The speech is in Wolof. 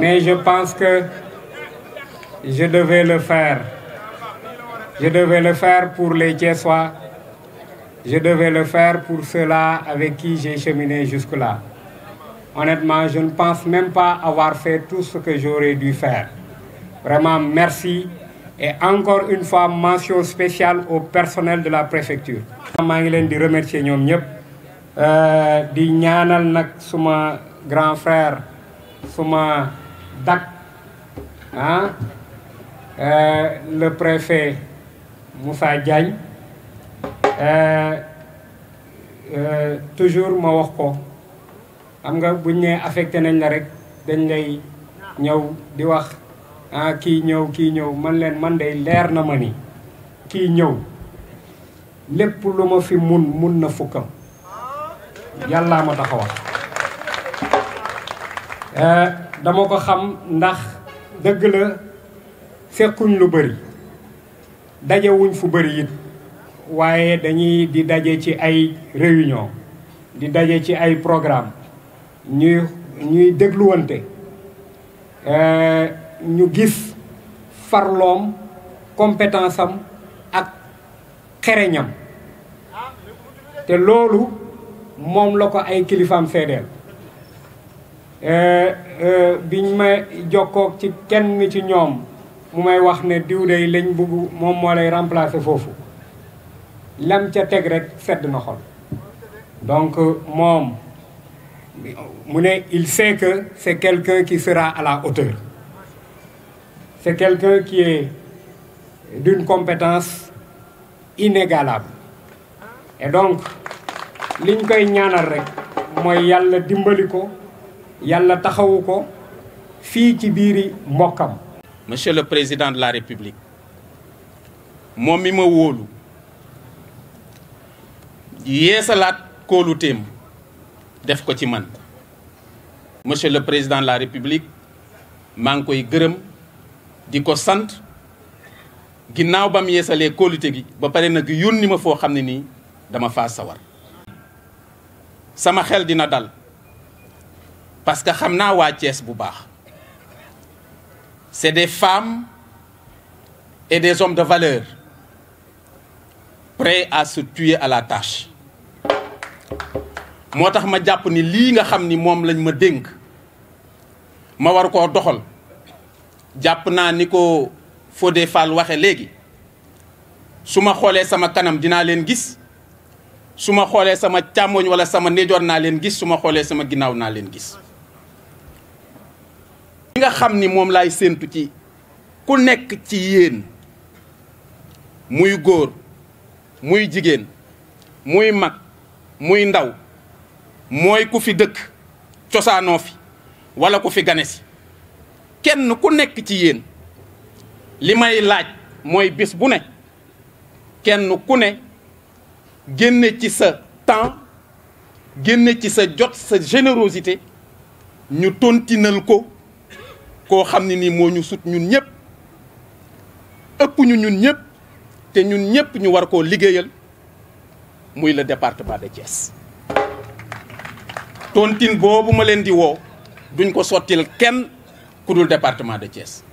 Mais je pense que je devais le faire. Je devais le faire pour les sois Je devais le faire pour ceux-là avec qui j'ai cheminé jusque-là. Honnêtement, je ne pense même pas avoir fait tout ce que j'aurais dû faire. Vraiment, merci. Et encore une fois, mention spéciale au personnel de la préfecture. DAC ah eh, le préfet Moussa Diagne eh, eh, toujours ma wax ko xam nga buñ ne affecté nañ la rek dañ lay ñëw di wax ah kii ñëw kii ñëw man leen man day leer na ma ni kii ñëw lépp lu ma fi mun mun na fukkam yàllaa ma tax dama ko xam ndax dëgg la fekkuñ lu bëri dajewuñ fu bëri it waaye dañuy di daje ci ay réunion di daje ci ay programme ñuy ñuy dégluwante eh, ñu gis farloom compétence am ak xereñam te loolu moom la ko ay kilifaam seedeel eh, Euh, biñ ma jokkoog ci kenn mi ci ñoom mu may wax ne diw day lañ bugg moom lay remplacer lam ca teg rek sedd na xol donc euh, mom, mu ne il sait que c'est quelqu'un qui sera à la hauteur c'est quelqu'un qui est d'une compétence inégalable et donc liñ koy ñaanal rek moy yalla dimbali ko yàlla taxawu ko fii ci biiri mbokkam monsieur le président de la république moom mi ma wóolu yeesalaat kóolu def ko ci man monsieur le président de la république maa ngi koy gërëm di ko sant ginnaaw ba mu yeesalee kóolute gi ba pare nag yónni ma foo xam ne nii dama faa sawar sama xel dina dal parce que xamna wa waa bu c'est des femmes et des hommes de valeur prêts à se tuer à la tâche motax ma japp ni li nga xamni ni lañ ma dénk ma war ko doxal japp na ni ko Fodé Fall waxé légui suma ma sama kanam dina len gis suma ma sama chamoñ wala sama ndeyjoor na len gis suma ma sama ginnaaw na len gis Nga kham ni mwem la isen touti Kounek ti yen Mwou gour Mwou jigen Mwou mak Mwou ndaw Mwou e koufi dek Chosa anonfi Wala koufi ganesi Ken nou kounek ti yen Limayi lak mwou e bisbounen Ken nou kounen Genne ti se tan Genne ti se djot se jenerosite Nyo ton tinel ko koo xam ne nii moo ñu sut ñun ñëpp ëpp ñu ñun ñëpp te ñun ñëpp ñu war koo liggéeyal muy le département de Thiès tontine boobu ma leen di woo duñ ko sottil kenn ku dul département de Thiès